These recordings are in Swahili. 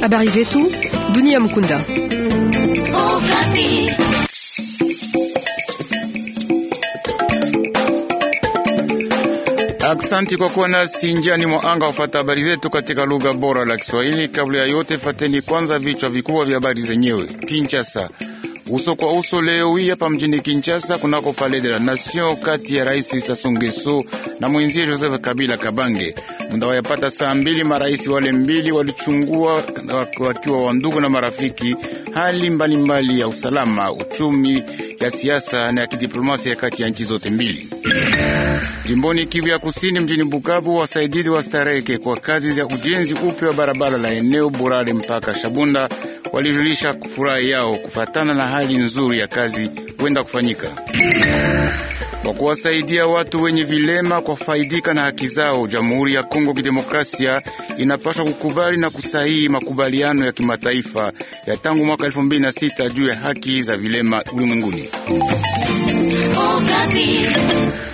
Habari zetu dunia mkunda. Okapi. Aksanti kwa kuwa nasi njiani mwa anga wafata habari zetu katika lugha bora la Kiswahili. Kabla ya yote, fateni kwanza vichwa vikubwa vya habari zenyewe. Kinshasa, uso kwa uso leo hii hapa mjini Kinshasa kunako Palais de la Nation, kati ya Rais Sassou Nguesso na mwenzie Joseph Kabila Kabange mutawayapata saa mbili. Marais wale mbili walichungua wakiwa wa ndugu na marafiki hali mbalimbali mbali ya usalama, uchumi, ya siasa na ya kidiplomasia kati ya nchi zote mbili. Jimboni Kivu ya Kusini, mjini Bukavu, wasaidizi wastareke kwa kazi za ujenzi upya wa barabara la eneo Burare mpaka Shabunda walijulisha furaha yao kufatana na hali nzuri ya kazi huenda kufanyika kwa kuwasaidia watu wenye vilema kwa faidika na haki zao. Jamhuri ya Kongo Kidemokrasia inapaswa kukubali na kusahihi makubaliano ya kimataifa ya tangu mwaka 2006 juu ya haki za vilema ulimwenguni.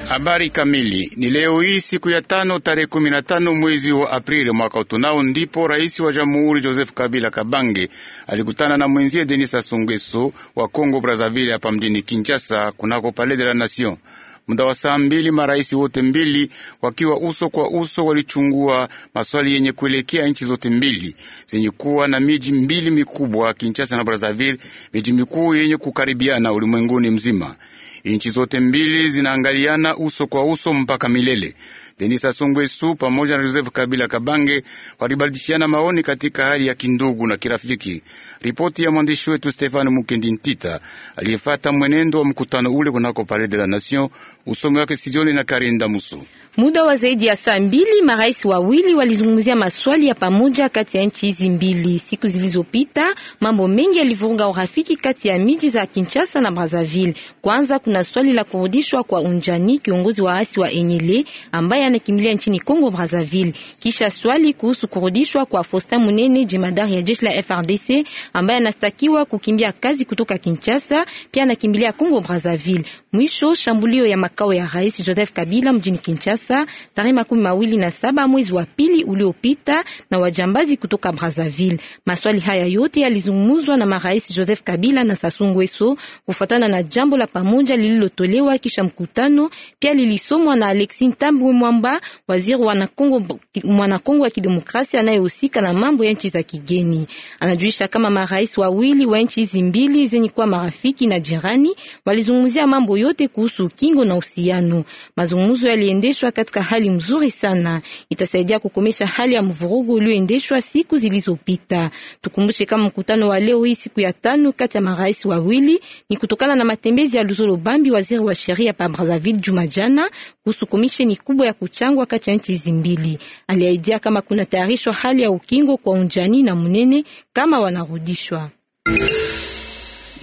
Habari kamili ni leo hii siku ya tano tarehe tano mwezi wa Aprili mwaka utunao, ndipo rais wa jamhuri Joseph Kabila Kabange alikutana na mwenzie Denis Sassou Nguesso wa congo Brazzaville hapa mjini Kinshasa kunako Palais de la Nation. Muda wa saa mbili marais wote mbili wakiwa uso kwa uso walichungua maswali yenye kuelekea nchi zote mbili zenye kuwa na miji mbili mikubwa, Kinshasa na Brazzaville, miji mikuu yenye kukaribiana ulimwenguni mzima. Inchi zote mbili zinaangaliana uso kwa uso mpaka milele. Denis asungwesu pamoja na Joseph Kabila Kabange walibadilishana maoni katika hali ya kindugu na kirafiki. Ripoti ya mwandishi wetu Stefano Mukendi Ntita aliyefata mwenendo wa mkutano ule kunako Palais de la Nation, usomi wake studioni na Karinda Musu. Muda wa zaidi ya saa mbili marais wawili walizungumzia maswali ya pamoja kati ya nchi hizi mbili. Siku zilizopita mambo mengi yalivuruga urafiki kati ya miji za Kinshasa na Brazzaville. Kwanza kuna swali la kurudishwa kwa Unjani, kiongozi wa asi wa Enyele ambaye anakimbilia nchini Kongo Brazzaville, kisha swali kuhusu kurudishwa kwa Faustin Munene, jemadari ya jeshi la FRDC ambaye anastakiwa kukimbia kazi kutoka Kinshasa, pia anakimbilia Kongo Brazzaville. Mwisho shambulio ya makao ya Rais Joseph Kabila mjini Kinshasa Kinshasa tarehe makumi mawili na saba mwezi wa pili uliopita na wajambazi kutoka Brazzaville. Maswali haya yote yalizungumzwa na marais Joseph Kabila na Sassou Nguesso kufuatana na jambo la pamoja lililotolewa kisha mkutano. Pia lilisomwa na Alexis Ntambwe Mwamba, waziri wa Kongo mwana Kongo wa Kidemokrasia anayehusika na mambo ya nchi za kigeni. Anajulisha kama marais wawili wa nchi hizi mbili zenye kuwa marafiki na jirani walizungumzia mambo yote kuhusu kingo na uhusiano. Mazungumzo yaliendeshwa katika hali mzuri sana, itasaidia kukomesha hali ya mvurugo ulioendeshwa siku zilizopita. Tukumbushe kama mkutano wa leo hii siku ya tano kati ya marais wawili ni kutokana na matembezi ya Luzolo Bambi, waziri wa sheria pa Brazzaville Jumajana, kuhusu komisheni kubwa ya kuchangwa kati ya nchi hizi mbili. Aliaidia kama kuna tayarishwa hali ya ukingo kwa unjani na munene kama wanarudishwa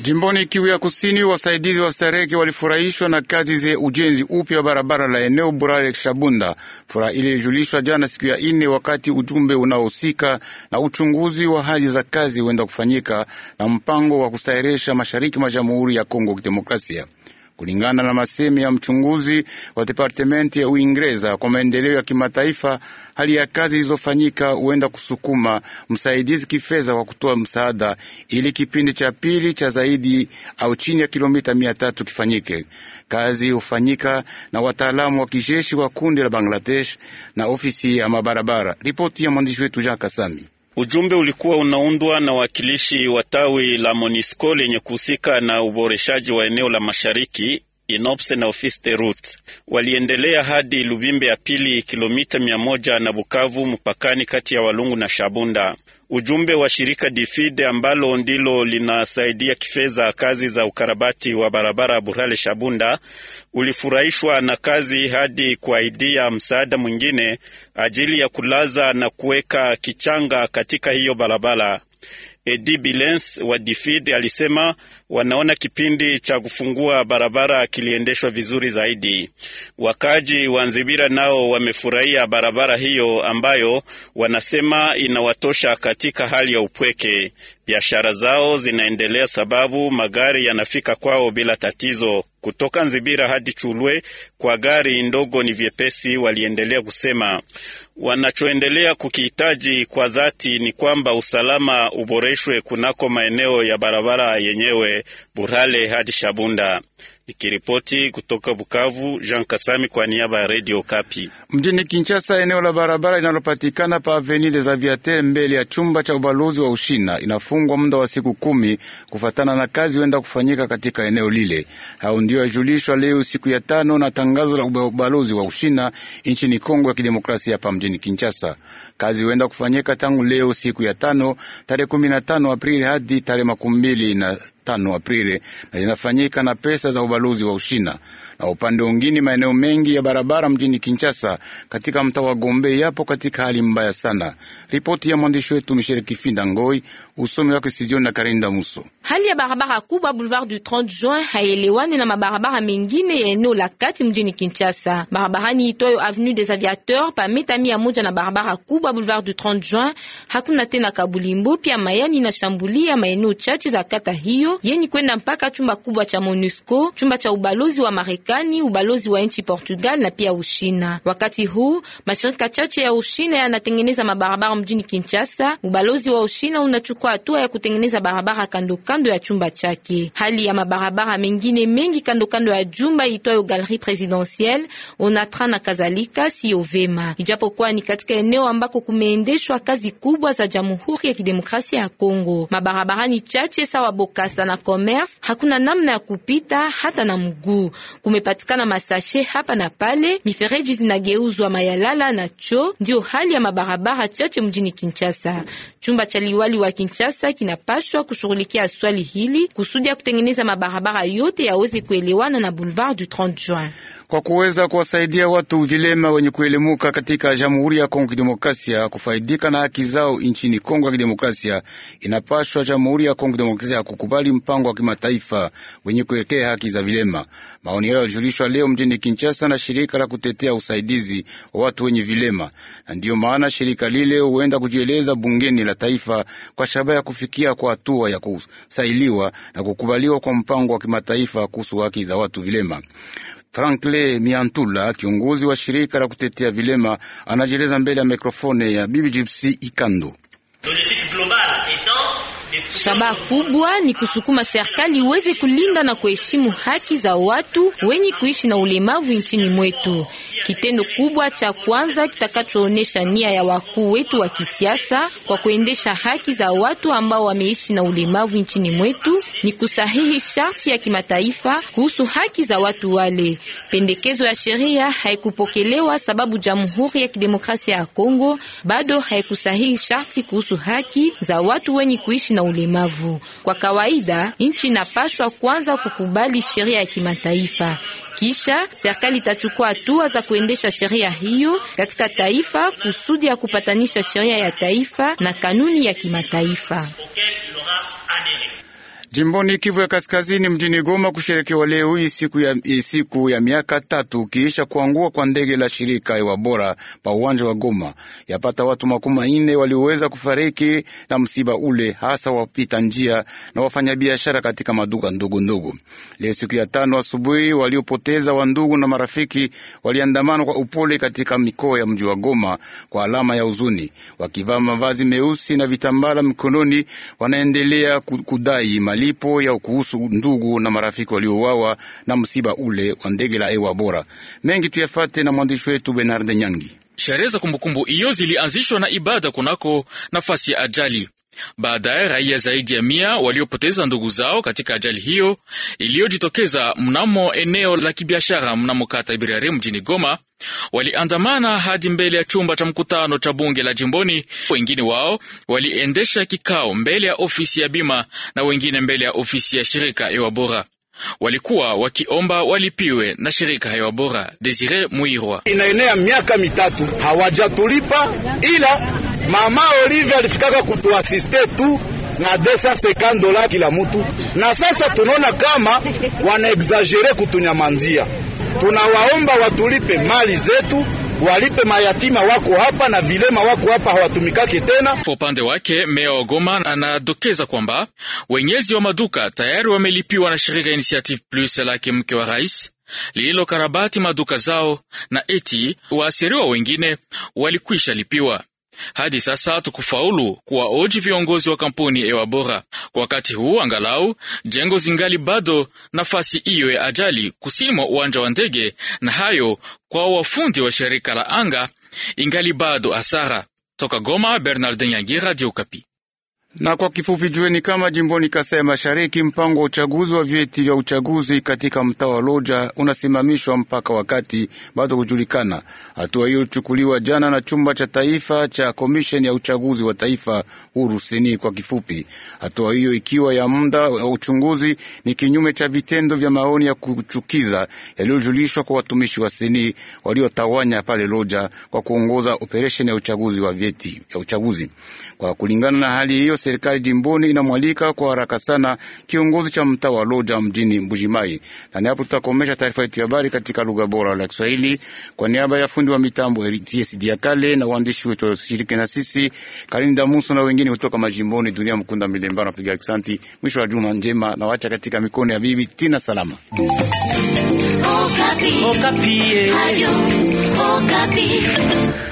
Jimboni Kivu ya Kusini, wasaidizi wa stareke walifurahishwa na kazi za ujenzi upya wa barabara la eneo Burale Shabunda. Furaha ile ilijulishwa jana siku ya ine, wakati ujumbe unaohusika na uchunguzi wa hali za kazi huenda kufanyika na mpango wa kustahiresha mashariki mwa Jamhuri ya Kongo Kidemokrasia kulingana na masemi ya mchunguzi wa departementi ya Uingereza kwa maendeleo ya kimataifa. Hali ya kazi ilizofanyika huenda kusukuma msaidizi kifedha kwa kutoa msaada ili kipindi cha pili cha zaidi au chini ya kilomita mia tatu kifanyike. Kazi hufanyika na wataalamu wa kijeshi wa kundi la Bangladesh na ofisi ya mabarabara. Ripoti ya mwandishi wetu Jean Kasami. Ujumbe ulikuwa unaundwa na wakilishi wa tawi la monisco lenye kuhusika na uboreshaji wa eneo la mashariki inopse na ofisi rut Waliendelea hadi Lubimbe ya pili, kilomita mia moja na Bukavu, mpakani kati ya Walungu na Shabunda. Ujumbe wa shirika DIFID ambalo ndilo linasaidia kifedha kazi za ukarabati wa barabara burale Shabunda ulifurahishwa na kazi hadi kuahidia msaada mwingine ajili ya kulaza na kuweka kichanga katika hiyo barabara. Edi Bilens wa Difid alisema wanaona kipindi cha kufungua barabara kiliendeshwa vizuri zaidi. Wakaji wa Nzibira nao wamefurahia barabara hiyo ambayo wanasema inawatosha katika hali ya upweke. Biashara zao zinaendelea sababu magari yanafika kwao bila tatizo. Kutoka Nzibira hadi Chulwe kwa gari ndogo ni vyepesi, waliendelea kusema. Wanachoendelea kukihitaji kwa dhati ni kwamba usalama uboreshwe kunako maeneo ya barabara yenyewe Burale hadi Shabunda. Nikiripoti kutoka Bukavu, Jean Kasami kwa niaba ya Radio Kapi. Mjini Kinshasa, eneo la barabara linalopatikana pa Avenue des Aviateurs mbele ya chumba cha ubalozi wa Ushina inafungwa muda wa siku kumi kufatana na kazi huenda kufanyika katika eneo lile. Hao ndio yajulishwa leo siku ya tano na tangazo la ubalozi wa Ushina nchini Kongo ya Kidemokrasia pa mjini Kinshasa. Kazi huenda kufanyika tangu leo siku ya tano tarehe kumi na tano Aprili hadi tarehe makumi mbili na tano Aprili na zinafanyika na pesa za ubalozi wa Ushina. Na upande mwingine, maeneo mengi ya barabara mjini Kinshasa katika mtaa wa Gombe yapo katika hali mbaya sana. Ripoti ya mwandishi wetu Mishel Kifinda Ngoi, usomi wake studioni na Karinda Muso. Hali ya barabara kubwa Boulevard du 30 Juin haielewani na mabarabara mengine ya eneo la kati mjini Kinshasa. Barabarani itwayo Avenue des Aviateurs pa mita mia moja na barabara kubwa Boulevard du 30 Juin hakuna tena kabulimbo, pia mayani inashambulia maeneo chache za kata hiyo hiyo yenye kwenda mpaka chumba kubwa cha MONUSCO, chumba cha ubalozi wa Marekani, ubalozi wa nchi Portugal na pia Ushina. Wakati huu mashirika chache ya Ushina yanatengeneza mabarabara mjini Kinshasa. Ubalozi wa Ushina unachukua hatua ya kutengeneza barabara kando kando ya chumba chake. Hali ya mabarabara mengine mengi kando kando ya jumba itwayo Galerie Presidentielle, Onatra na kadhalika sio vema, ijapokuwa ni katika eneo ambako kumeendeshwa kazi kubwa za Jamhuri ya Kidemokrasia ya Kongo. Mabarabara ni chache sawa Bokasa Plaza na Commerce hakuna namna ya kupita hata na mguu. Kumepatikana masashe hapa na pale, mifereji zinageuzwa mayalala na cho Ndio hali ya mabarabara chache mjini Kinshasa. Chumba cha liwali wa Kinshasa kinapashwa kushughulikia swali hili kusudi ya kutengeneza mabarabara yote yaweze kuelewana na Boulevard du 30 Juin kwa kuweza kuwasaidia watu vilema wenye kuelemuka katika Jamhuri ya Kongo Kidemokrasia kufaidika na haki zao nchini Kongo ya Kidemokrasia, inapashwa Jamhuri ya Kongo Kidemokrasia kukubali mpango wa kimataifa wenye kuelekea haki za vilema. Maoni hayo yalijulishwa leo mjini Kinshasa na shirika la kutetea usaidizi wa watu wenye vilema, na ndiyo maana shirika lile huenda kujieleza bungeni la taifa kwa shabaha ya kufikia kwa hatua ya kusailiwa na kukubaliwa kwa mpango wa kimataifa kuhusu haki za watu vilema. Frankle Miantula, kiongozi wa shirika la kutetea vilema, anajieleza mbele ya mikrofone ya Bibi Gypsy Ikando. Shabaha kubwa ni kusukuma serikali iweze kulinda na kuheshimu haki za watu wenye kuishi na ulemavu nchini mwetu. Kitendo kubwa cha kwanza kitakachoonyesha nia ya wakuu wetu wa kisiasa kwa kuendesha haki za watu ambao wameishi na ulemavu nchini mwetu ni kusahihi sharti ya kimataifa kuhusu haki za watu wale. Pendekezo ya sheria haikupokelewa sababu Jamhuri ya Kidemokrasia ya Kongo bado haikusahihi sharti kuhusu haki za watu wenye kuishi na ulemavu walemavu. Kwa kawaida, nchi inapaswa kwanza kukubali sheria ya kimataifa, kisha serikali itachukua hatua za kuendesha sheria hiyo katika taifa kusudi ya kupatanisha sheria ya taifa na kanuni ya kimataifa. Jimboni Kivu ya Kaskazini, mjini Goma, kusherekewa leo hii siku ya, siku ya miaka tatu kiisha kuangua kwa ndege la shirika hewa bora pa uwanja wa Goma. Yapata watu makumi manne walioweza kufariki na msiba ule, hasa wapita njia na wafanyabiashara katika maduka ndogo ndogo. Leo siku ya tano asubuhi, waliopoteza wandugu na marafiki waliandamana kwa upole katika mikoa ya mji wa Goma kwa alama ya huzuni, wakivaa mavazi meusi na vitambala mkononi, wanaendelea kudai mali malipo ya kuhusu ndugu na marafiki waliouawa na msiba ule wa ndege la Ewa Bora. Mengi tuyafate na mwandishi wetu Bernard Nyangi. Sherehe za kumbukumbu hiyo zilianzishwa na ibada kunako nafasi ya ajali. Baadaye raia zaidi ya mia waliopoteza ndugu zao katika ajali hiyo iliyojitokeza mnamo eneo la kibiashara mnamo kata Ibirare mjini Goma waliandamana hadi mbele ya chumba cha mkutano cha bunge la jimboni. Wengine wao waliendesha kikao mbele ya ofisi ya bima na wengine mbele ya ofisi ya shirika Ewa bora walikuwa wakiomba walipiwe na shirika hewa bora. Desire Muirwa: inaenea miaka mitatu hawajatulipa ila Mama Olivia alifikaka kutuasiste tu na 250 dola kila mtu, na sasa tunaona kama wanaexagere kutunyamanzia. Tunawaomba watulipe mali zetu, walipe mayatima wako hapa na vilema wako hapa, hawatumikake tena. Kwa upande wake, meya wa Goma anadokeza kwamba wenyezi wa maduka tayari wamelipiwa na shirika Initiative Plus lake mke wa rais lililokarabati maduka zao, na eti waasiriwa wengine walikwisha lipiwa. Hadi sasa tukufaulu kuwaoji viongozi wa kampuni ewa bora. Kwa wakati huu angalau jengo zingali bado nafasi iyo ya ajali kusini mwa uwanja wa ndege, na hayo kwa wafundi wa shirika la anga ingali bado asara. Toka Goma, Bernardin Yangira, Radio Okapi. Na kwa kifupi jueni kama jimboni Kasai ya Mashariki, mpango wa uchaguzi wa vyeti vya uchaguzi katika mtaa wa Loja unasimamishwa mpaka wakati bado kujulikana. Hatua hiyo ilichukuliwa jana na chumba cha taifa cha komisheni ya uchaguzi wa taifa huru seni, kwa kifupi. Hatua hiyo ikiwa ya muda wa uchunguzi, ni kinyume cha vitendo vya maoni ya kuchukiza yaliyojulishwa kwa watumishi wa seni waliotawanya pale Loja kwa kuongoza operesheni ya uchaguzi wa vyeti vya uchaguzi. Kwa kulingana na hali hiyo serikali jimboni inamwalika kwa haraka sana kiongozi cha mtaa wa Loja mjini Mbujimai. Na ni hapo tutakomesha taarifa yetu ya habari katika lugha bora la Kiswahili. Kwa niaba ya fundi wa mitambo ya kale na waandishi wetu walioshiriki na sisi, karini damuso na wengine kutoka majimboni, Dunia Mkunda Milemba na piga Mwisho wa juma njema na wacha katika mikono ya bibi Tina Salama. Okapi. Okapi.